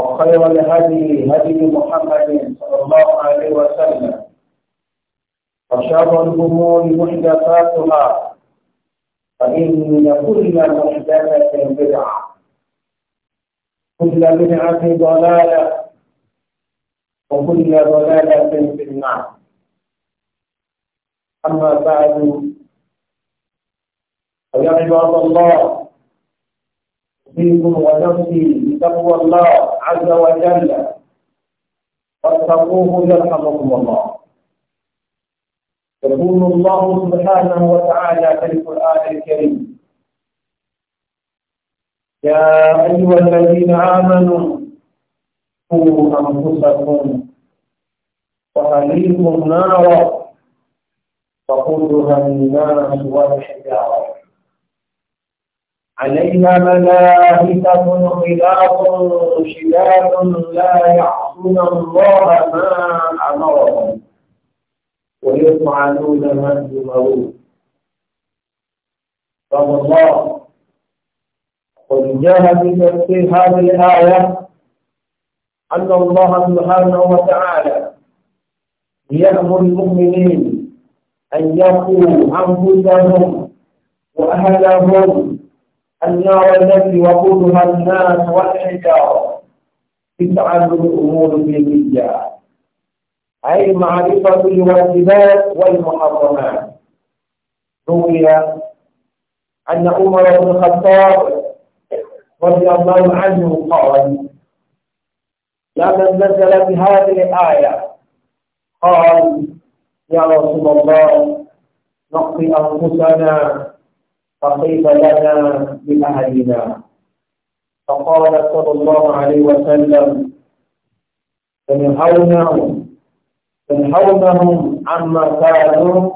وخير الهدي هدي محمد صلى الله عليه وسلم وشر الأمور محدثاتها فإن كل محدثة بدعة كل بدعة ضلالة وكل ضلالة في النار أما بعد فيا عباد الله فيكم ونفسي بتقوى الله عز وجل واتقوه يرحمكم الله يقول الله سبحانه وتعالى في القرآن الكريم يا أيها الذين آمنوا قوا أنفسكم وأهليكم نارا وقودها الناس والحجارة علينا ملائكة غلاظ شداد لا يعصون الله ما أمرهم ويفعلون ما يؤمرون قال الله قل جاء بتفسير هذه الآية أن الله سبحانه وتعالى يأمر المؤمنين أن يقوا أنفسهم وأهلهم النار التي وقودها الناس والحجارة تفعل الأمور بالنية أي معرفة الواجبات والمحرمات روي أن عمر بن الخطاب رضي الله عنه قال لما نزل بهذه الآية قال يا رسول الله نقي أنفسنا فكيف لنا بأهلنا فقال صلى الله عليه وسلم تنهونهم تنهونهم عما كانوا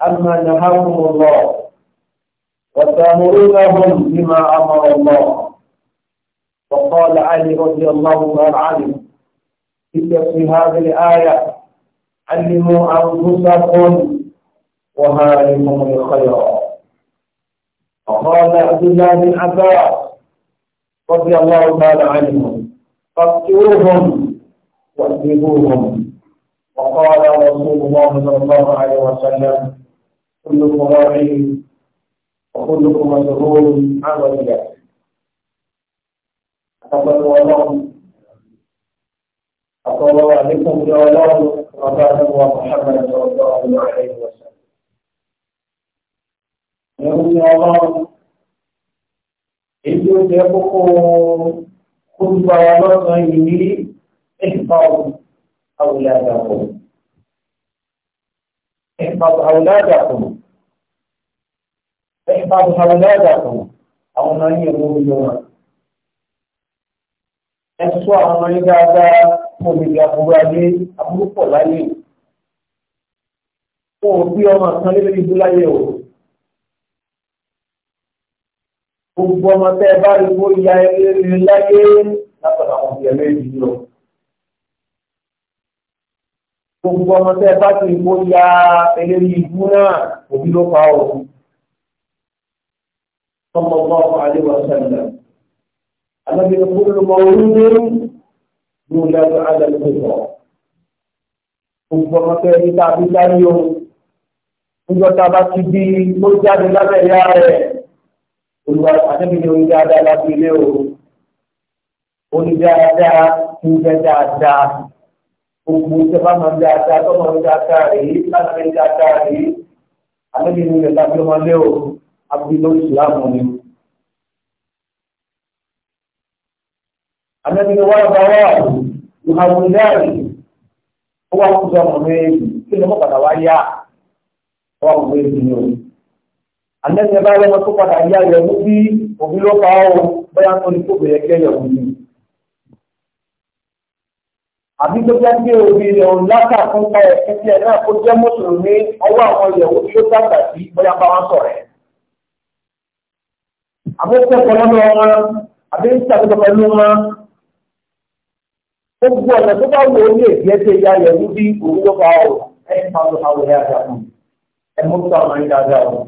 عما نهاكم الله وتامرونهم بما امر الله وقال علي رضي الله عنه في هذه الايه علموا انفسكم وهاركم الخيرات عبد الله بن عباس رضي الله تعالى عنهم فاقتلوهم واكذبوهم وقال رسول الله صلى الله عليه وسلم كلكم راع وكلكم مسؤول عن رعيته أتقبل الله أتقبل عليكم يا الله وبارك محمد صلى الله عليه وسلم يا الله èyí tó jẹ́ kókó kótópa wa lọ́sàn-án yìí ní ẹ̀fà àwùládàpọ̀. ẹ̀fà àwùládàpọ̀. ẹ̀fà àwùládàpọ̀. àwọn ọmọ yìí mú yọ wọn. ẹ sọ àwọn ọmọ yìí dáadáa fún omi ìyàbúrò ayé abúrúpọ̀ láyé. wọn ò ọmọ kan lébẹ́lẹ́bí láyé o. gbogbo ọmọ tẹ́ ẹ bá rí owó ya eré láyé látọ̀dọ̀ àwọn òbí ẹ̀rọ èdè lọ. gbogbo ọmọ tẹ́ ẹ bá ti owó ya eré ibú náà òbí ló fa ọ̀. tọmọ bá ọkọ àdéhùn ọ̀sẹ̀lẹ̀ alábìrin kúrò mọ orílẹ̀ yóò lẹ́nu alẹ́ ló sọ gbogbo ọmọ tẹ́ ẹ ní ká bí láyé o níjọ́ tá a bá ti bí ó jáde lábẹ́ ìyá rẹ̀ olùwà àtẹ́bí ni oní dáadáa láti ilé o oní dáadáa ń jẹ́ dáadáa gbogbo ìjọba máa ń dáadáa tó máa ń dáadáa rèé láti ń dáadáa rèé àtẹ́bí ni ìrẹ̀lá bí ọmọ lé o abúlé ìsìlámù ni. àtẹ́bí ni wọ́n bá wà ìhàwùn dáàrí ó wà kó sọ ọmọ mi kí ni mo padà wá yá ó wà kó wé mi àtẹ́sẹ̀ bá rẹ̀ tó padà yá rẹ̀ mú bí òbí ló pa ọ́ bẹ́yà tó ní kó bẹ̀rẹ̀ kẹ́yọ̀ òbí. àbí tó jẹ́ pé òbí rẹ̀ ò lákà fún pa ẹ̀kẹ́ tí ẹ̀ náà kó jẹ́ mùsùlùmí ọwọ́ àwọn ìyẹ̀wò tí ó dàgbà sí bẹ́yà bá wọn sọ̀rọ̀ ẹ̀. àbí ó kẹ́kọ̀ọ́ lọ́dọ̀ wọn àbí ń ṣàkóso pẹ̀lú wọn. gbogbo ọ̀nà tó bá wù ó lè jẹ́ pé ìyá rẹ̀ mú bí òbí ló pa ọ́ ẹ̀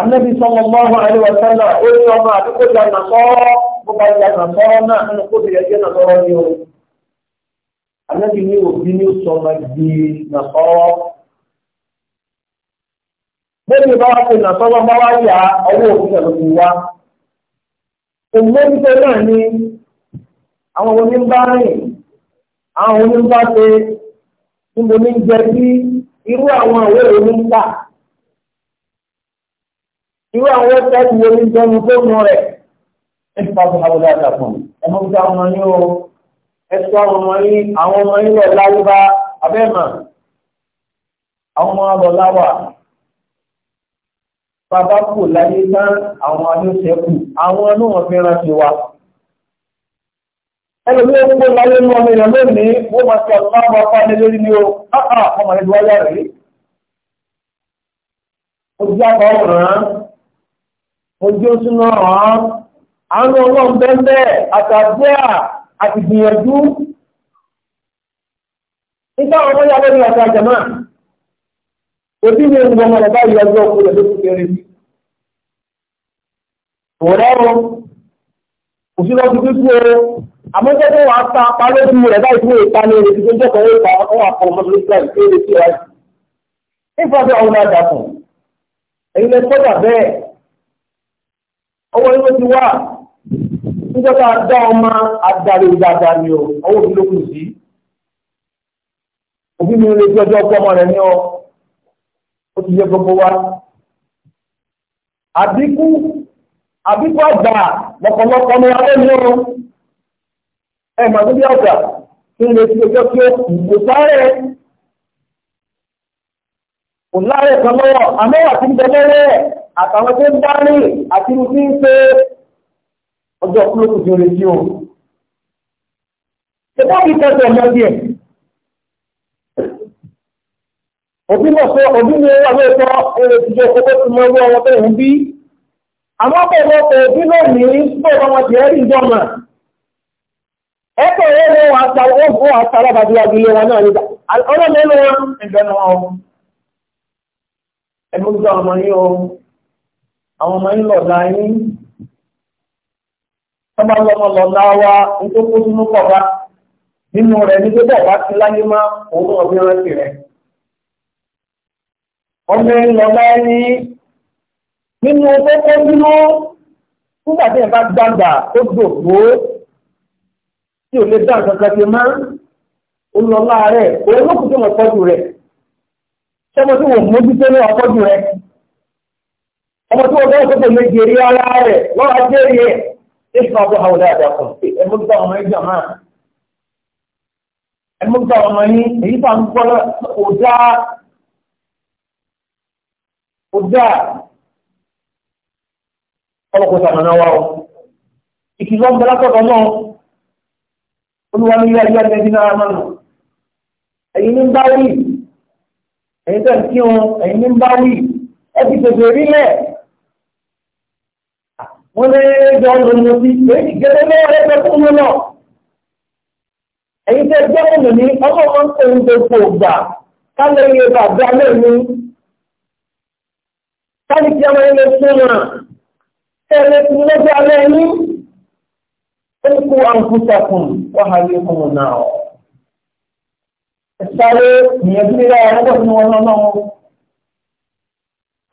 Ànábì sallallahu alaihi wa sallam ó ní ọmọ àdúgbò ìjà nàṣọ́rọ́ bó bá ìjà nàṣọ́rọ́ náà nínú kó bìrẹ̀ jẹ́ nàṣọ́rọ́ ní o. Ànábì ní òbí ní sọmọ di nàṣọ́rọ́. Bébí bá wá pé nàṣọ́rọ́ bá wá yà ọwọ́ òbí pẹ̀lú mi wá. Òmùmẹ́bíṣẹ́ náà ni àwọn oní ń bá rìn, àwọn oní ń bá ṣe, níbo ní ń jẹ sí irú àwọn òwe òní ń tà irú àwọn wẹ́bsáìtì wo ní jẹ́ ní fóònù rẹ̀ ẹ ti pàṣẹ àwọn ọ̀dà àtàkùn ẹ mọ̀ nípa ọmọ yín o ẹ sọ àwọn ọmọ yín àwọn ọmọ yín lọ láwùbá abẹ́ẹ̀mà àwọn ọmọ lọ láwà bàbá kù láyé tán àwọn adóṣe kù àwọn inú wọn fi rántí wa ẹlòmí ó kó láyé mú ọmọ èèyàn lónìí wọ́n máa ṣe ọ̀tún àwọn afá ní lórí o ọmọ rẹ̀ wáyà rèé ojú àbọ̀ ọ̀ràn ojú súná hàn àánú ọlọ́run bẹ́ẹ̀ àtàdúrà àti gbìyànjú. nígbà wọn bá yàgbé ní àti àjàmá òbí mi ń gbọmọ ọ̀gá ìyàgbé ọkùnrin ló kékeré. òwúrọ̀ òsì lọ́ọ́ tuntun sí o àmọ́ jẹ́ pé wàá ta apá lójú rẹ̀ báyìí fún ìta ní èrè tuntun jẹ́kọ̀ọ́ ìta ọ̀hún àpò ọmọdé ìgbà ìkéde sí ìwájú. nípa bí ọ̀hún náà dà fún ọwọ́ yóò ti wá nígbàtà dá ọmọ adarí dáadáa ni o ọwọ́ òbí ló kù sí òbí mi lè fi ọjọ́ ọkọ ọmọ rẹ̀ ní ọ ó ti yẹ gbogbo wa àdínkù àdínkù àgbà lọ́pọ̀lọpọ̀ ní alẹ́ ní ọ ẹ mà níbi àgbà kí n lè fi ọjọ́ kí ó kò sáré kò láàrẹ̀ kan lọ́wọ́ àmọ́ àti ń bẹ lọ́wọ́ ẹ̀ àtàwọn tó ń dání àti irú tí ń pé ọjọ́ kúlókù tí ó lè tí ó. Ṣèpá kí tẹ́tẹ̀ ọmọ díẹ̀. Òbí mọ̀ pé òbí ni wà ló sọ èrè ìjọ kókó ti mọ owó ọmọ tó ń bí. Àmọ́ pẹ̀lú ọkọ̀ òbí náà ní pé ọmọ ti ẹ̀rí ìjọ mọ̀. ọmọ yìí àwọn ọmọ yín lọ̀dá yín tọ́ba lọ́mọ lọ́dá wa nítorí kó sínú pọ̀ bá nínú rẹ̀ ní pé bọ̀ bá ti láyé má òun ọ̀gbìn rántí rẹ̀ ọmọ yín lọ́dá yín nínú kókó dúró nígbà tí ìbá gbàgbà tó dògbò tí ò lè dá nǹkan kan ṣe máa ń lọ láàárẹ̀ òun rẹ̀ ṣé wò mójútó ní ọpọ́jù rẹ̀ ọmọ tí wọ́n bá sọ́kò lè jèrè ara rẹ̀ wọ́n á jèrè ẹ̀ ẹ̀sùn àbọ̀ àwọn ọ̀dà kan ẹ̀mọ́gbà ọmọ ẹ̀jọ̀ máa ẹ̀mọ́gbà ọmọ yín èyí bá ń gbọ́ ọ̀dà ọ̀dà ọlọ́kọ̀ sàmánà wa o ìkìlọ̀ ń bẹ̀rẹ̀ sọ̀tọ̀ náà olúwa ní ilé ayé ẹ̀dẹ́gbẹ́ náà máa nù ẹ̀yin ní ń bá wí ẹ̀yin tẹ̀ ń kí wọn ẹ̀yin ní ń bá wí ẹ̀ ti tètè rí lẹ̀ wọ́n lé jọ ń lòmọ́ sí méjì gẹ́gẹ́ lọ́wọ́ ẹgbẹ́ fún mi náà. Ẹ̀yin tẹ́ jẹ́ òmìn ní ọmọ wọn kò ń gbogbo ògbà kálẹ̀ iye bàbá lẹ́nu. Káni tí a máa ń lè súnmọ́ ẹ̀rẹ́ tí lọ́jọ́ alẹ́ ní ẹ̀kú àǹkúṣàkùn wàhálì ọmọ náà. Ẹ̀sáré ìyẹn bí rẹ̀ ọgbọ̀n ni wọ́n lọ́wọ́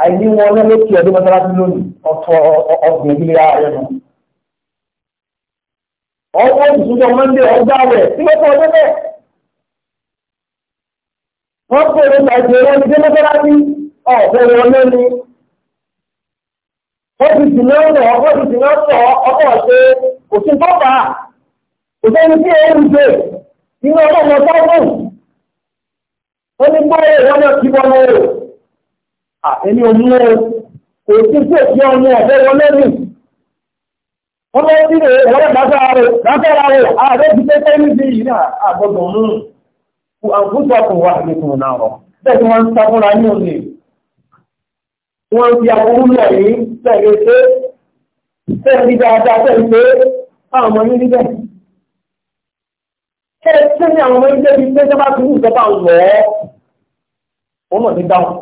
àìní wọn náà ló ti ọdún mọ́sálásí lónìí ọ̀tọ̀ ọ̀gbìn ìdílé ààrẹ nù. ọwọ́ ìṣúnjọ mọ́ndé ọgbà rẹ̀ tí wọ́n fọ́ ọdún bẹ́ẹ̀. wọ́n pè é nípa ìṣe wọn ìdílé mọ́sálásí ọ̀fẹ́ wọn lẹ́nu. wọ́n ti sì náà nà wọ́n ti sì náà sọ ọkọ̀ ṣe kò sí tọ́pa kò sẹ́ni tí ẹ̀ ń ṣe inú ọlọ́mọ sọ́ọ̀mù. wọ́n àtẹni omi o kò sí sí òkè ọmọ ọ̀fẹ́ wọn lẹ́nu wọ́n bá sí rẹ̀ wọ́n bá sára rẹ̀ látara rẹ̀ ààrẹ ti tẹ́tẹ́ níbi yìí náà àgbọ̀dọ̀ mú kò àǹkúṣọ kò wà nìkan náà rọ̀ bẹ́ẹ̀ tí wọ́n ń sá fúnra ní òní wọ́n fi àbúrú lọ yìí tẹ̀lé pé tẹ̀lé dáadáa tẹ̀lé pé àwọn ọmọ yìí níbẹ̀ ṣé ṣé ní àwọn ọmọ yìí débi pé sábà tún ìjọba wọ̀ ọ́ wọ́n mọ̀ ní dáhùn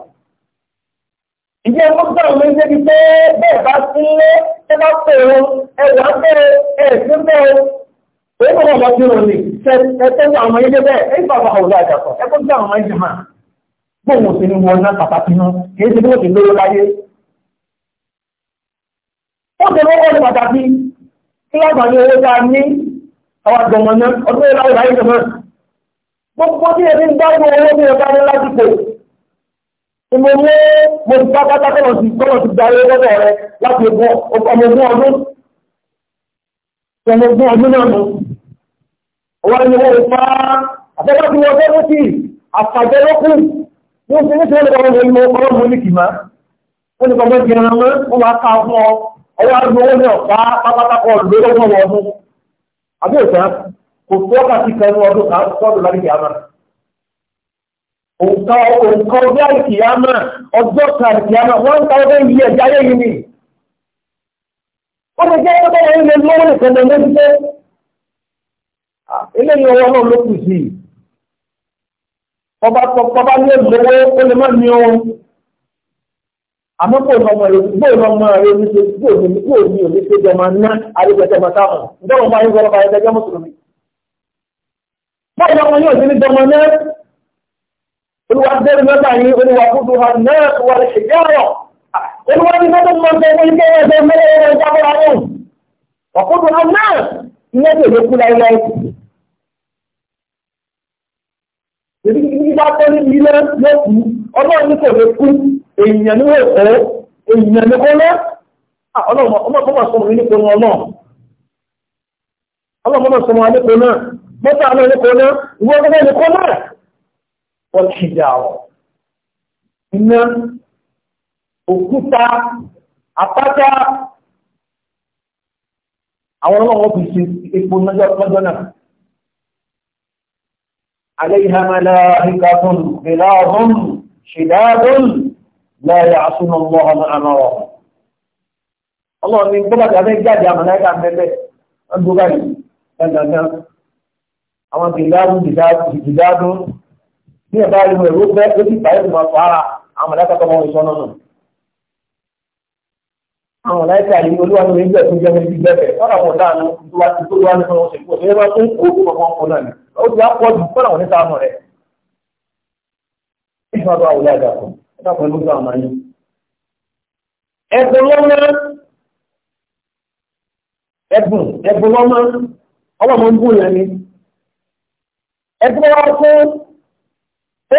ìjẹ́ gbogbo àwọn ọmọ ìjẹ́bi pé bẹ́ẹ̀ bá sílé ẹ bá pèrò ẹwà pèrò ẹ̀sìn pèrò èyí kò wọ́n bá tí wọ́n lè ṣẹ́tẹ́ ní àwọn ilé bẹ́ẹ̀ èyí bá bá ọ̀rọ̀ àjàkọ̀ ẹkọ́ tí àwọn ìjẹ́ máa gbóhùn sí ni wọn náà pàtàkì náà kìí ṣe bí wọ́n ti lówó láyé. ó ṣe lọ́wọ́ ní pàtàkì kí wọ́n gbàgbé owó tá a ní àwọn àjọmọ̀ náà ọdún ìlàwọ̀ láyé jọmọ́ gbogbo tí ẹni ń dáwọ́ owó ní ọ̀gá ní lásìkò Ìmọ̀ mú mo ti pápátá kọ́nà ti kọ́nà ti darí lọ́dọ̀ rẹ láti ogún ọmọ ogún ọdún. Ọmọ ogún ọdún náà nù. Ọwọ́ ni wọ́n pa àtẹ́gbẹ́ tí wọ́n fẹ́ mú sí àfàjẹ́ lókù. Wọ́n ti ní sí wọ́n lè kọ́ ọmọ ọmọ ní kìmá. Wọ́n ti kọ́kọ́ jẹun mọ́, wọ́n máa ká fún ọ. Ọwọ́ àdúgbò owó ní ọ̀pá pápátá nǹkan nǹkan ọjọ́ ìkìyàmà ọjọ́ kan ìkìyàmà one thousand years ayé yìí ni. ó lè jẹ́ pé báyìí lè lọ́wọ́ nìkan lè lójú pé eléyìí ọwọ́ náà ló kù sí i. ọba tọba ní olówó ó lè má ní ohun. àmọ́ kò ní ọmọ rẹ̀ gbọ́ ní ọmọ rẹ̀ ní ṣe gbọ́ ní gbọ́ ní òní ṣe jọ máa ná àrígbẹ̀tẹ̀ máa táwọn. ǹjẹ́ wọn máa ń gbọ́dọ̀ bá ẹgbẹ́ mùsùlùmí. báyìí ọmọ yóò ṣe ní jọmọ náà olúwa bẹ́rẹ̀ mẹ́ta yìí olúwa kúrò ha náà wà lè ṣe jẹ́rọ̀ olúwa ní mẹ́ta mọ́ ṣe ní ilé ẹgbẹ́ mẹ́rẹ̀ ẹgbẹ́ ìjábọ̀ra rẹ̀ ọkùnrin ha náà ilé tó lè kú láíláí. èyí ní bá tọ́ ní ilé lókù ọlọ́run ní kò lè kú èèyàn ní wò ó èèyàn ah, ní kó lọ ọlọ́run ọmọ sọmọ ní kò náà ọlọ́run ọmọ sọmọ ní kò náà mọ́tà náà ní kò náà ìwọ́n wọ́tíjáwọ̀. Iná, òkúta, àpáta, àwọn ọlọ́wọ́ fi ṣe epo lọ́jọ́ náà. عليها ملائكة غلاظ شداد لا يعصون الله ما أمرهم الله من بلد أبي جاد يا ملائكة عن بلد أنت غالي أنا أنا أما غلاظ شداد bí ẹ bá rí wọn ìró bẹ́ẹ̀ lókì ìpàdé tó máa fara àwọn mọ̀láìkà tó máa ń sọ náà nù. àwọn mọ̀láìkà yìí olúwa ní orí bẹ́ẹ̀ tó jẹ́ níbi bẹ́ẹ̀ fọ́nà wọn dáa nù tó wá tó wá nínú wọn ṣèkú ọ̀sẹ̀ wọn tó ń kó tó wọn kó náà ni ó ti wá pọ̀ jù fọ́nà wọn níta nù rẹ̀. ẹ̀sùn lọ́mọ ẹ̀bùn ẹ̀bùn lọ́mọ ọlọ́mọ ń bù yẹn ni ẹ̀bùn wa fún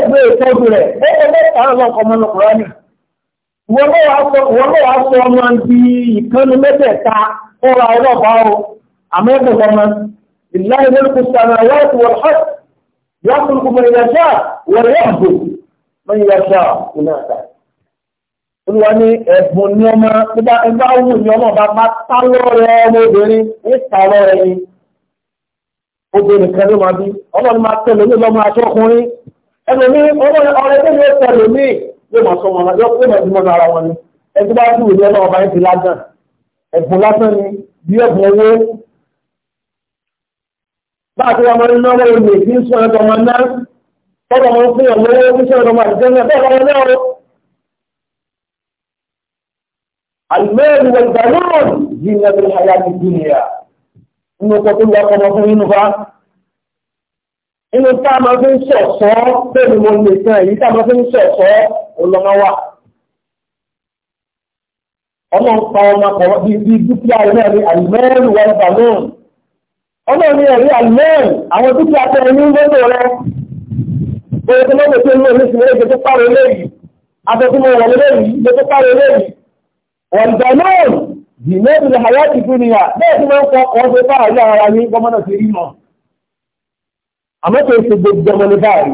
ó gbé ìtọ́jú rẹ̀ ó kọ́ mẹ́ta ọlọ́kọ̀ ọmọ ọlọ́kùnrin ni wọ́n ló wàá sọ ọmọ di ìkànnì mẹ́tẹ̀ẹ̀ta ó ra ọlọ́pàá o àmọ́ ẹ̀kọ́ ọmọ ìlànà ìlẹ́kùn sàmà láti wọ̀ hàt yàtúnkù mọ̀ ìyàṣà wọ̀rẹ́ àbò mọ̀ ìyàṣà ìnáta. olùwà ní ẹ̀bùn ní ọmọ nígbà ẹgbẹ́ awù ní ọmọ ẹlòmí ọmọ ọ̀rẹ́ tó yẹ sọ lòmí yóò máa sọ wọn yọ pé màdìmọ náà ara wọn ni ẹtí bá dùn ìlú ọmọ ọba yẹn ti lágàn ẹ̀bùn lásán ni bí ẹ̀bùn owó bá a ti wọn máa ń náwó olè kí n sọ ẹ̀dọ̀ máa ná tọ́dọ̀ máa ń fún ìyàn lówó kí n sọ ẹ̀dọ̀ máa dìde ní ẹ̀bẹ̀ ọ̀rọ̀ náà o. àlùmẹ́ẹ̀lì wọ̀lùbà náà jìnnà ní dúnìyà inú tá a máa fi ń ṣọ̀ṣọ́ bẹ́ẹ̀ ni mo lè san èyí tá a máa fi ń ṣọ̀ṣọ́ ọlọ́mọ wa. ọmọ ń pa ọmọ kọ̀ bí dúkìá rẹ̀ náà ní alimẹ́rin wọ́n gbà náà. ọmọ mi rí alimẹ́rin àwọn dúkìá tẹ ní lọ́dọ̀ rẹ̀. oye tó lọ́dọ̀ tó ń lò nísìnyí lè tó pàrọ̀ eléyìí abẹ́tí mo wọ̀ lélẹ́yìí lè tó pàrọ̀ eléyìí. wọ́n gbà náà jìnnà ìlú hayati dúnìyà bẹ́ẹ̀ tí wọ́n kọ́ ọ àmọ́ kò ṣe gbogbo ọmọ ní báyìí.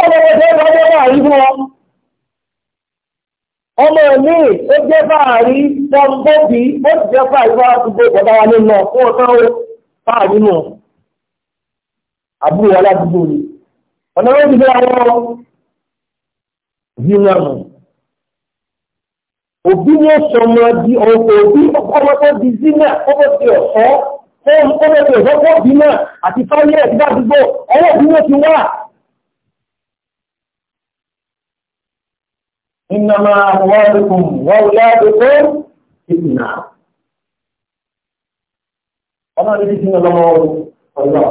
Ọmọ ọjọ́ ọmọ ọjọ́ báyìí fún ọ. Ọmọ mi ó jẹ́ báyìí tọ́ǹbọ́bì ó sì jẹ́ báyìí wá gbogbo ìgbọ̀dá wa nínú fún ọ̀tọ́ báyìí nù. Àbúrò aládùúgbò ni. Ọ̀nà wọn ti dára wọn yìí náà nù. Òbí ni ó sọ ọmọ di ọkọ̀ òbí ọkọ̀ ọmọ tó di zínà ọkọ̀ ti ọ̀ṣọ́ kọ́mọ̀tò ìfọ́pọ̀ bímọ̀ àti fáyẹ̀ àti dádúgbò ọwọ́ bímọ̀ ti wà. Innama amwalukum wa auladukum fitna. Ọmọ mi ti sinmi lọ́mọ ọ̀rọ̀.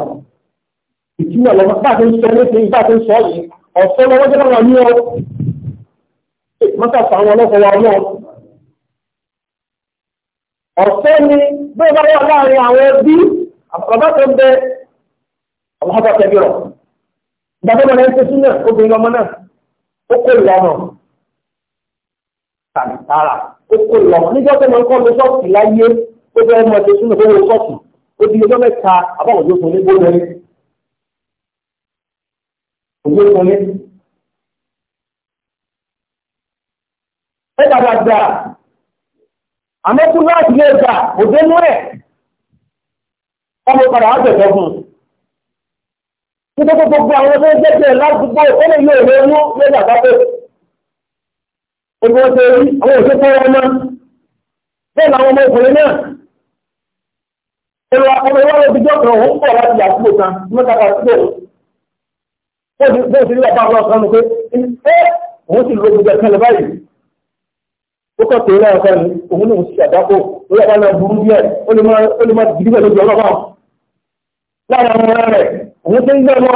Ìtumọ̀ lọ́mọ bá ti ń sọ ní ìgbà tó ń sọ yìí, ọ̀sọ́ lọ́wọ́ jẹ́ káwọn ní ọ. Mọ́tà fà wọn lọ́kọ̀ọ́ wa náà ọ̀fẹ́ ni bí ó bá wà láàrin àwọn ẹbí àbàbà tó ń bẹ àwọn ọba tẹ̀lé rọ̀ ìgbàgbọ́ mọ̀ náà ń tẹ́sí náà obìnrin ọmọ náà ó kó ìlànà tàbí tààrà ó kó ìlànà níjọ́ tó máa ń kọ́ lọ sọ́ọ̀tì láyé ó fẹ́ mọ ẹ̀ṣẹ̀ sínú tó wọ sọ́ọ̀tì ó di ọjọ́ mẹ́ta àbáwọ̀ fún ní gbóná ní òye fún ní. ẹ dàgbà dáa àmọ́kú láti lè gbà òdé mú ẹ̀ ọmọ padà ábẹ̀tọ̀ fún un tí tó gbogbo àwọn tó ń jẹ́jẹ́ ládùúgbò ó lè yóò lè mú lórí àbábẹ́ ogun ọ̀sẹ̀ rí àwọn òṣè tó wọn náà bẹ́ẹ̀ ọmọ ó kọ́ pé láwọn fẹ́ni òun lòun ti àdápò ó yàtọ̀ náà burú díẹ̀ ó lè má dìbí pẹ̀lú ọlọ́pàá lára àwọn ọ̀rẹ́ rẹ̀ òun ti ń gbẹ́ lọ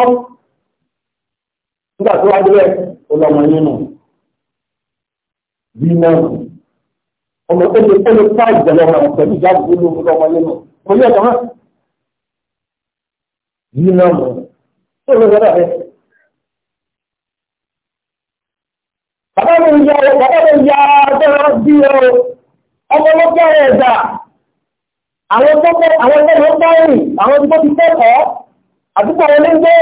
nígbà tó wá délẹ̀ ó lọ́mọ nínú bí náà ọmọ ó lè ó lè pa ìjẹ̀lẹ̀ ọmọ pẹ̀lú ìjáàbù tó ló lọ́mọ nínú kò yẹ kàn án bí náà ó lè lọ́dọ̀ rẹ̀. bàbá mi ń ya ọ bàbá mi ń ya ọgbọ́n bí ọ ọmọ ló bẹ̀rẹ̀ ẹ̀dà àwọn tó fẹ́ àwọn tó lọ bá rìn àwọn tó ti kẹ́kọ̀ọ́ àdúgbò àwọn onígbé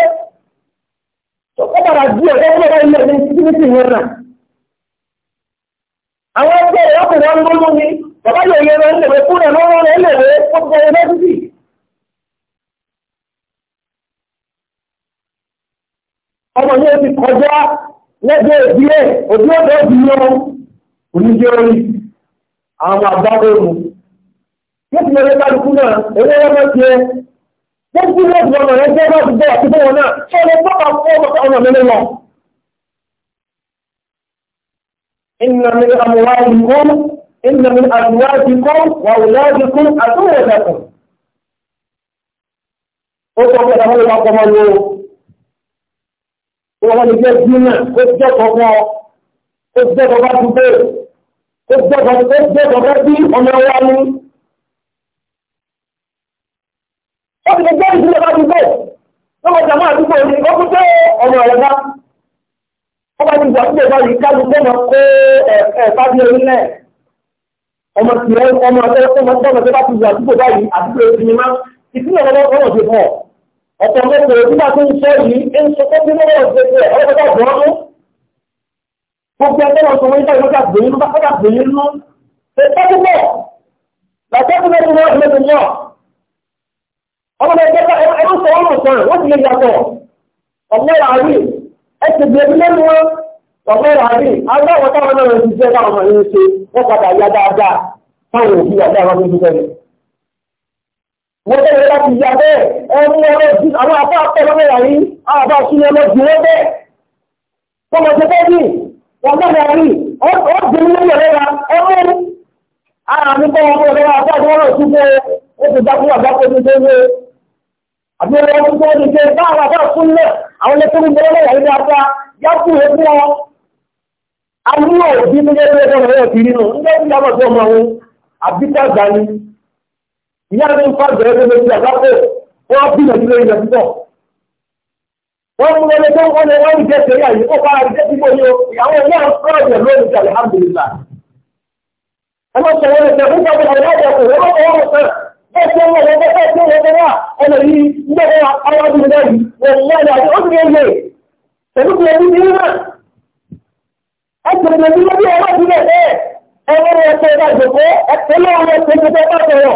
tó padà bí ọ̀dọ́ tó lọ ilé ní síbítì yẹn náà. àwọn ẹgbẹ́ ìyọkùnrin wọn lólú ni bàbá yóò yẹ lọ ilé kúrẹ̀ lọ́wọ́ rẹ̀ ó ti kọjá lẹ́gbẹ́ ìdílé òbí ọ̀dọ́ ìdílé oníjẹ́ orí àwọn àgbábọ́ọ̀mù yóò ti lọ́wọ́ kálukú náà eré ọmọ tiẹ̀ wọ́n kú lọ́ọ̀dù ọmọ rẹ̀ jẹ́ bá ti bọ́ àti fún wọn náà ṣé ọmọ Ó sọ pé ìdàkùn ló bá tó wọ́n lè jẹ́ dínà ó jẹ́ kọ̀ọ̀kan ó jẹ́ kọ̀ọ̀kan tó bẹ́ẹ̀ ó jẹ́ kọ̀ọ̀kan bí ọmọ wa ní. ó ti lè jẹ́ ìdílé bá dúgbò tó wọ́n jàmọ́ àdúgbò ní ó tún jẹ́ ọmọ rẹ̀ bá. ó bá ti gbà sílẹ̀ báyìí kájú tó máa kó ẹ̀ẹ́fà bí orílẹ̀ ọmọ tìrẹ ọmọ akẹ́kọ̀ọ́ ọmọ tó bá ti gbà sílẹ̀ báyìí àdúgbò ìsinmi má ìsinmi ọmọ ọmọ ọmọ ọ̀pọ̀lọpọ̀ nígbà tó ń sọ yìí ń sọ pé nínú ọ̀rọ̀ ṣe ṣe ọlọ́pàá bọ̀ ọ́nú gbogbo ẹgbẹ́ wọn sọ wọ́n yíká ìlú kàgbé yín bá kọ́kà gbé yín lú ṣe tọ́jú bọ̀ làtọ́jú bẹ́ẹ̀ ni wọ́n ti lè yàn ọmọdé ẹgbẹ́ ẹgbẹ́ sọ wọn mọ̀ sọ̀rọ̀ wọ́n ti lè yàtọ̀ ọ̀gbẹ́ ràbí ẹ ti gbé ẹbí lẹ́nu wọn ọ̀gbẹ́ ràbí agbáwọ̀ táwọn náà ti jẹ́ káwọn ọmọ wọ́n tẹ́lẹ̀ láti yà bẹ́ẹ̀ ẹni ọlọ́dún àwọn àbá àpẹẹrẹ yìí àbá sílẹ̀ ọlọ́dún wọ́n bẹ́ẹ̀ tọmọ tó bẹ́ẹ̀ ní wọ́n bẹ́ẹ̀ rí ọdún ní ọlọ́ra ọmọ ara mi bọ́ ọmọ ọlọ́ra àbá tí wọ́n lọ sí pé ó ti dákú àbá tó ti dé àbí ọlọ́run tó wọ́n ti dé bá àwọn àbá fún náà àwọn ẹlẹ́tọ́ ní bẹ́ẹ̀ lọ́yà ní apá yàtú ẹ̀kú ọ àwọn ìyá mi ń fa bẹ̀rẹ̀ tó lórí àgbákò wọ́n bí ìyàjú lórí ìyàjú bọ̀. wọ́n mú wọlé tó wọ́n lè wọ́n jẹ́ sẹ́yà yìí ó fara jẹ́ sí bóyá ìyàwó náà ń fọ́ ọ̀jẹ̀ lórí ìjà alhamdulillah. ẹ má sọ wọlé tẹ̀ fúnpa bẹ̀rẹ̀ ọ̀jẹ̀ kò wọ́n mọ̀ wọ́n sọ bẹ́ẹ̀ tí wọ́n lọ́wọ́ bẹ́ẹ̀ tí wọ́n lọ́wọ́ ọ̀nà yìí ń gbẹ́wọ́ arábìnrin náà yìí wọ́n lọ́wọ́ àti ó ti lè pẹ̀lú kí ẹni ní náà. ẹ tẹ̀lé ní wọ́n bí ọlọ́ọ̀dún bẹ́ẹ̀ ẹ̀rọ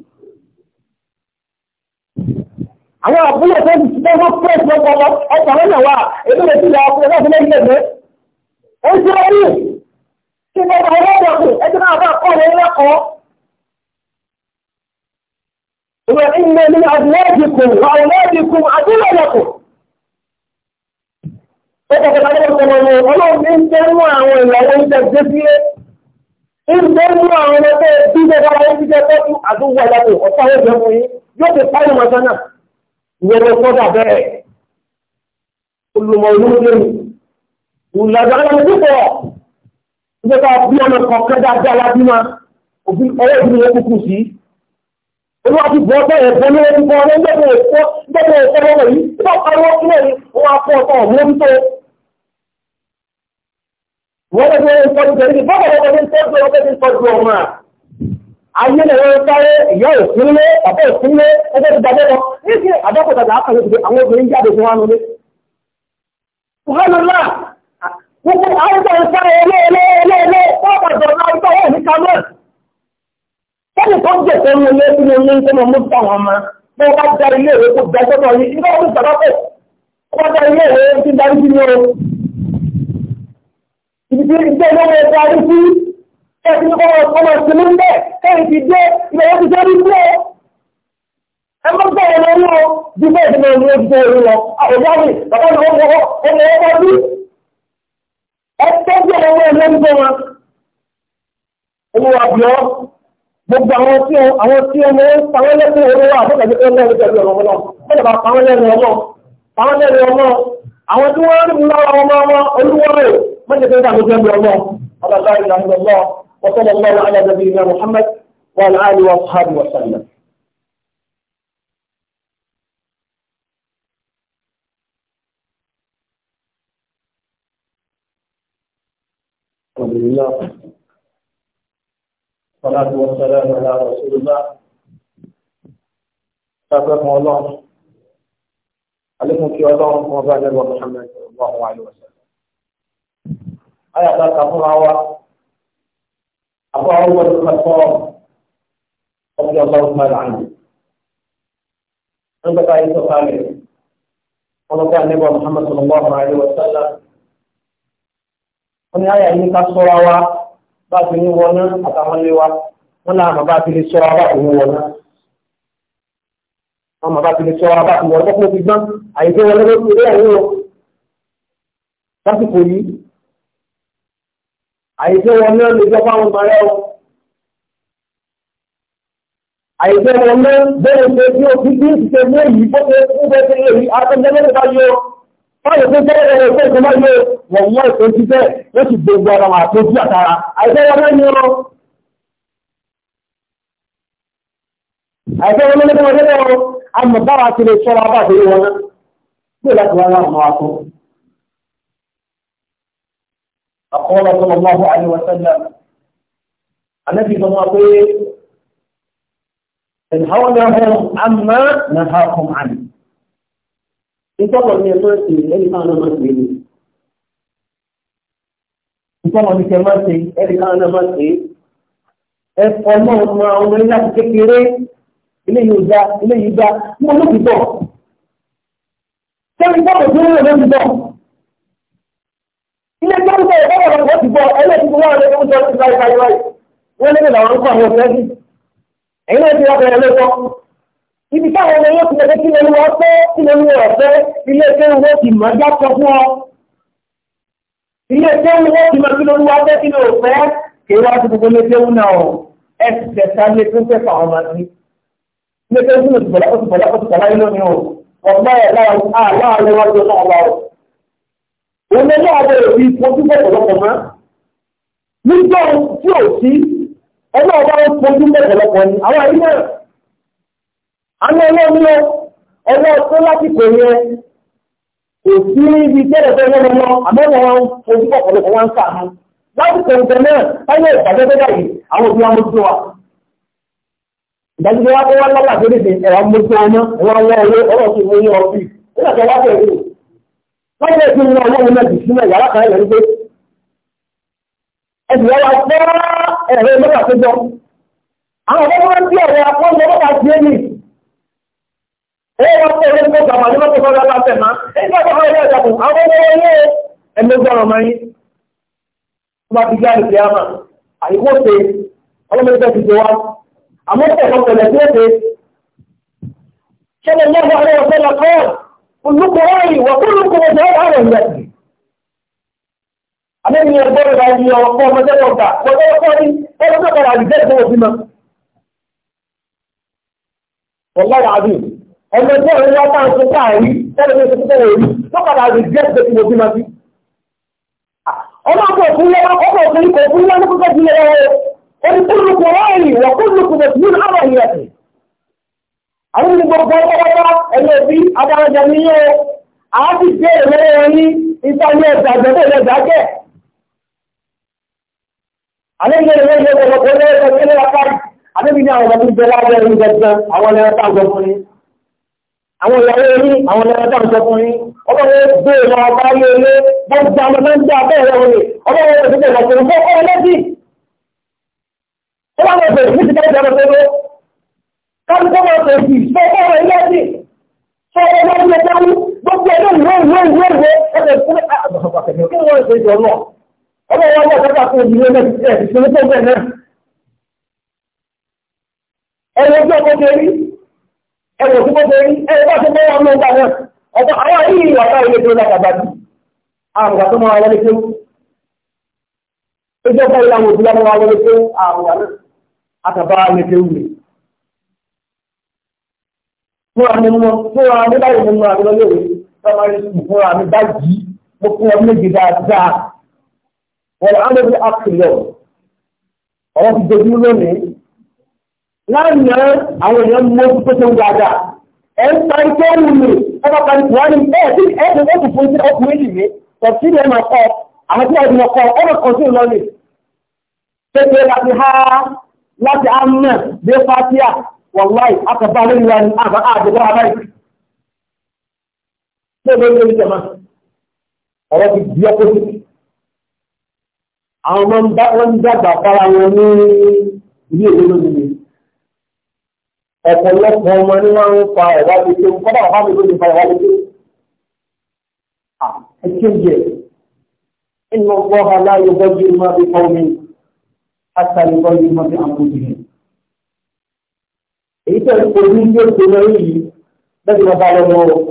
àwọn àbúrò tó ti tó wọ́n pẹ́ tó kọ́ ọkọ̀ lọ́nà wa èdè lè ti lọ ọkọ̀ lọ́nà fún ẹgbẹ́ ẹgbẹ́ ó ti rẹ̀ yìí kí ni ọmọ ọlọ́dọ̀ ọ̀gbìn ẹgbẹ́ náà bá kọ́ ọ̀rọ̀ lẹ́kọ̀ọ́. ìwé ilé ní àdúrádìkù àwòrádìkù àdúrà lẹ́kọ̀ọ́. ó kọ̀ kọ́ta lọ́wọ́ kọ́ ọmọ ọlọ́run ní ń tẹ́ mú àwọn ìyàwó ń tẹ́ gbé sílé ń tẹ́ mú àwọn ọmọ ẹgbẹ́ bí ìwọ́wọ́ sọ́dà bẹ́ẹ̀ olùmọ̀ olóògbé ìlànà àwọn púpọ̀ nígbà bí ọmọ kọ̀ọ̀kan dáadáa lábí ma ọwọ́ ìlú wọn kúkú sí olúwa ti bọ́ bẹ́ẹ̀ bọ́ ní ẹni bọ́ ní gbẹ́gbẹ́ ẹ̀kọ́ gbẹ́gbẹ́ ẹ̀kọ́ lọ́wọ́ yìí tí wọ́n parí wọ́n kílẹ̀ yìí wọ́n á fọ́ ọkọ̀ mójútó wọ́n lọ́gbẹ́ ẹ̀kọ́ ìgbẹ́ni bọ́ọ̀lù ọgbẹ́ ń ayé lẹ́yìn sáré ìyá òsínlé bàbá òsínlé ẹgbẹ́ ti dàgbẹ́ lọ ní ṣe àdọ́kọ̀tàgbà àkàlẹ̀ òṣèlú àwọn obìnrin jáde fún wa lórí. Subhanallah gbogbo àwùjọ ń sáré ẹlẹ́ẹ̀lẹ́ẹ̀lẹ́ pápá ìjọba náà ìjọ wọ̀ ní Kamel. Sẹ́ni tó ń jẹ sẹ́nu ilé ní ẹ̀sìn ní kọ́mọ̀ ọmọ ìsinmi ń bẹ̀ kẹ́yìn ti dé ilẹ̀ wọ́n ti fẹ́ rí sí ọ. ẹ má bẹ̀ ẹ̀ lórí o bí bẹ́ẹ̀ ti bẹ̀rẹ̀ lórí ojú orí lọ àwòrán mi bàbá mi wọ́n fọwọ́ ọmọ ọkọ bí. ẹ tọ́jú ọmọ ẹ lórí fún wa. olùwà bíọ́ gbogbo àwọn tí àwọn tí ọmọ ń pàwọn lẹ́sìn orí wa àtọ́kẹ́jẹ́ tó ń lẹ́rìí pẹ̀lú ọmọ náà wọ́n lè bá pàwọn lẹ́rìí ọmọ pàwọn lẹ́rìí ọmọ àwọn tí wọ́n rí mi lára ọmọ ọmọ olúwọ́rẹ̀ mọ́jẹ̀kẹ́ ìdàgbẹ́jẹ́ bí ọmọ ọlọ́lá ìlànà ọlọ́ وصلى الله على نبينا محمد وعلى آله وأصحابه وسلم الحمد لله والصلاة والسلام على رسول الله سابقا الله عليكم في الله وبركاته الله صلى الله عليه وسلم آية ذات أبو عمر بن الخطاب رضي الله تعالى عنه عندك أي سؤال ولو كان النبي محمد صلى الله عليه وسلم wọ́n ní ayé yìí ká sọ́ra wa bá a ti ní wọ́n náà àtàwọn ilé wa wọ́n náà àmọ́ bá a ti lè sọ́ra bá a ti ní wọ́n náà. wọ́n mọ̀ bá a ti lè sọ́ra bá a ti wọ́n náà kó fi gbọ́n àyíké wọn lọ́wọ́ ti rí àyè o. lásìkò yìí àìsẹ́ wọn náà lè jọ fáwọn ọmọrẹ́ o àìsẹ́ wọn náà bẹ́ẹ̀ pé tí o fi bí ìṣẹ́ mú èyí tó ṣe fún bẹ́ẹ̀ sí èyí akẹ́kẹ́lẹ́gbẹ̀ bá yọ fáwọn tó jẹ́ ẹ̀rọ tó ṣe máa yọ wọ̀n wọ́n ètò ṣiṣẹ́ wọ́n sì gbogbo ara wọn àtọ́jú àtara àìsẹ́ wọn náà ní ọ àìsẹ́ wọn náà ní ọ àmọ̀ báwa ti lè ṣọ́ra bá àtẹ́rí wọn náà أقول صلى الله عليه وسلم الذي صلى الله عليه وسلم انهونهم عما نهاكم عنه ìtọ́lọ̀ ní ẹ̀tọ́ ẹ̀sìn ẹni máa náà máa tèé ní ìtọ́lọ̀ ní kẹmá ṣe ẹni máa náà máa tèé ẹ̀fọ́ náà máa ọmọ ilé àti kékeré ilé yìí dá ilé yìí dá mo ló fi bọ̀ sẹ́ni bọ́ọ̀lù tó ń lò ló fi bọ̀ ilé gbọ́dọ̀ ìfọwọ́ ọ̀rọ̀ ti bọ̀ ẹlẹ́sìn wọn lé oúnjẹ ọdún láì láì láì wọ́n lé nílò àwọn ọkọ̀ àwọn ọ̀fẹ́ bí ẹ̀yin náà ti wá bẹ̀rẹ̀ lọ́kọ́ ibi táwọn ọmọ yóò ti lọ kí lẹ́nu wọn pé kí lẹ́nu wọn fẹ́ ilé ẹgbẹ́ wọn ti mọ̀ ẹjọ́ sọ fún ọ ilé ẹgbẹ́ wọn ti mọ̀ kí lẹ́nu wọn fẹ́ kí lẹ́nu wọn fẹ́ kí wọ́n ti gbogbo lé déwù náà ọ ẹ ti tẹ̀sán lé tó ń fẹ́ fà ọmọ mi ilé ẹgbẹ́ wọn ti bọ̀lá ó ti bọ̀lá ó ti bọ̀lá yín lónìí o ọ̀gbọ́n ẹ̀ láwọn àwọn àwọn ọmọ ọdún náà wà o. Òun ẹgbẹ́ àwọn òbí fojú pẹ̀lọpọ̀ máa. Nígbà tí ò sí, ẹgbẹ́ ọba ń fojú pẹ̀lọpọ̀ ni. Àwọn àyíká àwọn ọlọ́mọ ọwọ́ tó lásìkò yẹn kò sí ibi tẹ́lẹ̀ tó wọ́n lọ àmọ́ wọn fojú pọ̀pọ̀lọpọ̀ wọn ń sàánú. Lásìkò ìgbẹ́ náà, táyé ìgbàjọ́ tó dàgbé àwọn òbí wọn mójú wa. Ìdájú pé wọ́n wá lọ́lá tó dìde ẹ̀rọ mójú ọmọ, ẹ̀rọ ọwọ́ owó ọlọ́sùn ní ọ̀fíì wọ́n lè fi wọn ọlọ́run náà dùn sílẹ̀ yàrá kan ẹ̀rọ gbé ẹ̀sìn wọn wá gbọ́ ẹ̀rọ mẹ́ta tó gbọ́ àwọn ọmọ wọn bí ọ̀rọ̀ akọ́ńtò mẹ́ta ti é nì ẹ̀rọ wọn kọ́ ẹ̀rọ mẹ́ta wà ní mọ́tò kan lọ́la tẹ̀ máa ẹ̀rọ wọn kọ́ ẹ̀rọ mẹ́ta kù àwọn ọmọ wọn yé ẹ̀mí gbọ́rọ̀ máa yín wọ́n bá ti gbá ìpè àmà àyíkó ṣe ọlọ́mọdé ti ṣe wá àmọ́ كلكم راعي وكلكم مسؤول عن رعيته àmì ẹni ẹgbẹ́ rẹ̀ ni ọ̀pọ̀ ọmọdé ọ̀gá ọjọ́ ọkọ̀ ní ọjọ́ ọ̀gá àdìjẹ́ ìgbẹ́ òbí mọ́. ọ̀gbọ́n àbí ọmọ ẹgbẹ́ rẹ̀ wá táwọn tó káàrí tẹ́lẹ̀ tó tó tẹ́lẹ̀ rí lọ́kàdà àdìjẹ́ ìgbẹ́ òbí mọ́ sí. ọmọ ọkọ̀ òfin lọ ọkọ̀ òfin kò fún lọ́nà púpọ̀ jùlọ ọ̀rọ̀ àwọn gbogbo ọgbọ́gbọ́gbọ́ ẹgbẹ́ bí adárajà ní yóò àábì jẹ́ ìrẹ́rẹ́ wọn ní ipa ní ẹ̀dà ìjọba ìlẹ̀dà jẹ́ àlejò ìwé ìwé ọ̀pọ̀lọpọ̀ ní ẹ̀kọ́ tí ó lọ́wọ́ kárí àdébí ní àwọn ọmọdé jẹ́ lábẹ́ ẹ̀rí gẹ̀gẹ́ àwọn ẹ̀rọ tá àjọ fún yín àwọn ìyàwó yín àwọn ẹ̀rọ tá àjọ fún yín ọmọ wọn gbé kálukú máa tẹ̀sí sọ́kọ́ rẹ̀ ilé ẹ̀sìn sọ́kọ́ rẹ̀ ilé ẹ̀sìn gbogbo ẹ̀dọ́ ìwé ìwé ìwé ìwé ẹ̀sẹ̀ fún àgbàkọ̀kẹ̀ kí wọ́n ṣe jọ náà ọmọ wọn wọ́n kọ́kọ́ fún ìdílé náà ìṣòro tó bẹ̀ náà. ẹ̀rọ tí ọkọ̀ tẹ rí ẹ̀rọ àwọn yìí wà ká ilé fúnra mi mọ fúnra mi báyìí mo mọ àgbẹ̀lẹ̀ lóore primary school fúnra mi báyìí mo fún wọn méje dáadáa wọn á lè fi àkìlọ̀ ọ̀rọ̀ ti dojú lónìí lánàá àwọn èèyàn mú ojú tó tó ń dáadáa ẹ̀ ń parí tó wù mí ẹ bá parí tó wà ní ẹ̀ sí ẹ̀ tó tó fún sí ọkùnrin yìí mi tọ̀sí ni ẹ máa kọ́ àwọn tí wọ́n ti mọ̀ kọ́ ẹ máa kọ́ sí ìlọ́ọ̀lì. Tètè láti ha láti amúnà dé fásíà wàláì akọ̀bá lórí wa ní àbá àjọ̀dá abáyé. Ṣé ló ń lórí jẹ̀mọ́? Ọ̀rọ̀ ti di ọkọ̀ sí. Àwọn ọmọ ń bá wọn dàgbà fara wọn ní ilé ìwé lónìí ni. Ọ̀pọ̀lọpọ̀ ọmọ ni wọ́n ń fa ẹ̀wá lè ṣe, kọ́dà bàbá mi ló ń fa ẹ̀wá lè ṣe. Ẹ ṣe ń jẹ. Inú ọgbọ́n aláyọ̀ bọ́jú máa bí kọ́ àtàlẹ́ bọ́jú máa bí àpò jìnnà èyí tẹ̀ ń pè ní yóò tó lọ yìí lẹ́yìn lọ́ba lọ́wọ́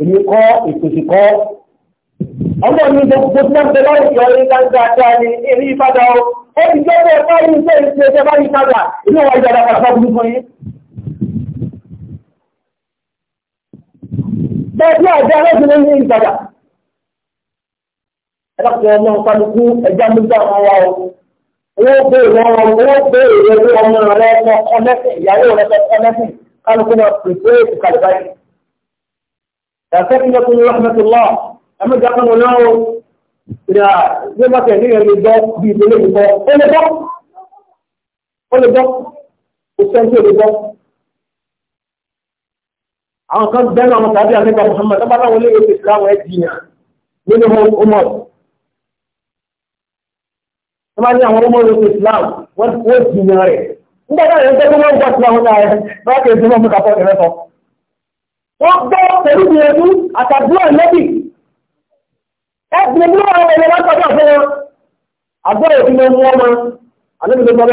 èmi kọ́ ìpèsè kọ́ ọmọ mi gbogbo tí wọ́n ń tẹ́lọ́ ìjọ yìí dáadáa ní èmi ìpadà o ó ti jẹ́ bẹ́ẹ̀ báyìí iṣẹ́ ìṣe ẹ̀ṣẹ́ báyìí padà èmi wà ìjọba pàṣẹ fún yín. bẹ́ẹ̀ bí àjẹ́ alẹ́sìn ní ìpadà ẹ̀dá kò mọ kálukú ẹ̀já mi wọ́n bèèrè lọ́wọ́ wọ́n bèèrè lọ́wọ́ ọmọ rẹ lọ́kọ́ lẹ́sìn ìyàwó rẹ lọ́kọ́ lẹ́sìn kálukú náà pèsè ètò kàlùkà yìí. Yàtọ̀ kí ló kún ní rahmatu lọ́ọ̀ ẹ̀mí ìjọba wọn náà ó ìrà ní bàtẹ̀ ní ìrìn ìgbọ́ bí ìdílé ìgbọ́ ó lè gbọ́ ó lè gbọ́ kò sẹ́ńtì ó lè gbọ́. Àwọn kan bẹ́ẹ̀ náà wọn tàbí àmì wọ́n máa ní àwọn ọmọ ìlú Islam wọ́n ti wọ́n ti yan rẹ̀ nígbà náà wọ́n gbọ́ Islam náà rẹ̀ bá kẹ́ ìdúró mú kàpọ̀ ìrẹ́ sọ. wọ́n gbọ́ pẹ̀lú ìrẹ́jú àtàdúrà lẹ́bì ẹ bí ẹbí wọn ọmọ ìlú tọ́jú àfẹ́ wọn àgbọ̀ òfin ló mú ọmọ àlébi ló sọ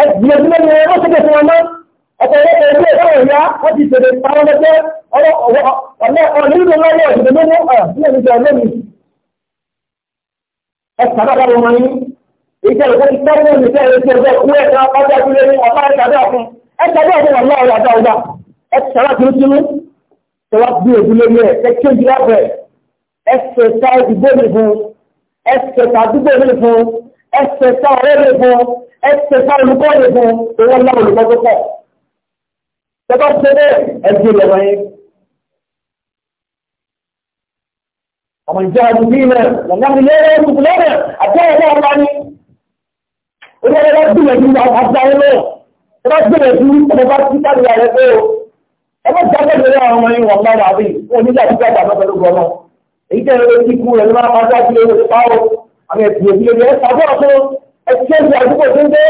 ẹ bí ẹbí wọn ni wọ́n ṣẹ̀ṣẹ̀ fún ọmọ ọkọ̀ ọlọ́kọ̀ orí ẹ̀rọ ìyá wọ́n ti ṣèlè pàrọ̀ lọ́jọ́ ọlọ́ ẹ̀ka bá dábọ̀ wọn yín ìjẹ́ ìwé ìtọ́jú ní ìjẹ́ ìjẹ́ ìjẹ́ kú ẹ̀ka ọjọ́ ìdílé ní ọ̀pá ẹ̀ka bẹ́ẹ̀ fún ẹ̀ka bẹ́ẹ̀ fún ọ̀la ọ̀la dáadáa ẹ̀ka bá tún tún tẹwà bí ìdílé ní ẹ̀ ẹ̀kẹ́ ìdílé ọ̀bẹ̀ ẹ̀sẹ̀ ta ìdìbò mi fún ẹ̀sẹ̀ ta àdúgbò mi fún ẹ̀sẹ̀ ta ọ̀rẹ́ mi fún ẹ̀sẹ̀ ta olùkọ́ mi fún owó ńlá olùkọ́ tó pọ̀ tẹ́tọ́ ومن جاهد فينا ونحن لا يوسف لنا حتى يدعو الله ولا رب الذين حتى يلوه رب الذين تبارك كتاب يا رب ẹgbẹ́ tí a bẹ̀rẹ̀ lórí àwọn ọmọ yìí wọ̀n bá wà bí wọ́n nígbà tí gbàgbà bá pẹ̀lú gbọ́nà èyí tẹ̀lé lórí kíkú rẹ̀ ló máa ń pàṣẹ àti lórí pa ó àwọn ẹ̀sìn òbí lórí ẹ̀ sàbọ̀ tó ẹ̀sìnkéjì àdúgbò tó ń dé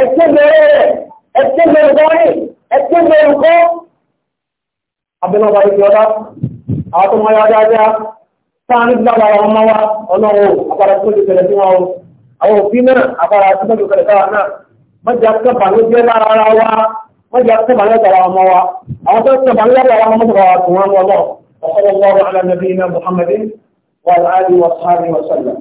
ẹ̀sìnkéjì rẹ̀ ẹ̀sìnkéjì olùkọ́rin ìjọba àwọn tó mọ sáàánú tí bàbá wa ọmọ wa ọlọ́wọ́ àpárá tó lè tẹ̀lé sí wọn o àwọn òfin náà àpárá tó lè tẹ̀lé sáwọn náà mọ́jà kẹfà ló jẹ́ lára ara wa mọ́jà kẹfà ló tẹ̀lé ọmọ wa àwọn tó kẹfà ló tẹ̀lé ọmọ mọ́jà wa tó wọn lọ́wọ́ ọ̀sọ́wọ́ lọ́wọ́ alẹ́ nàbí iná muhammadin wa alẹ́ wa sàlẹ̀ wa sàlẹ̀.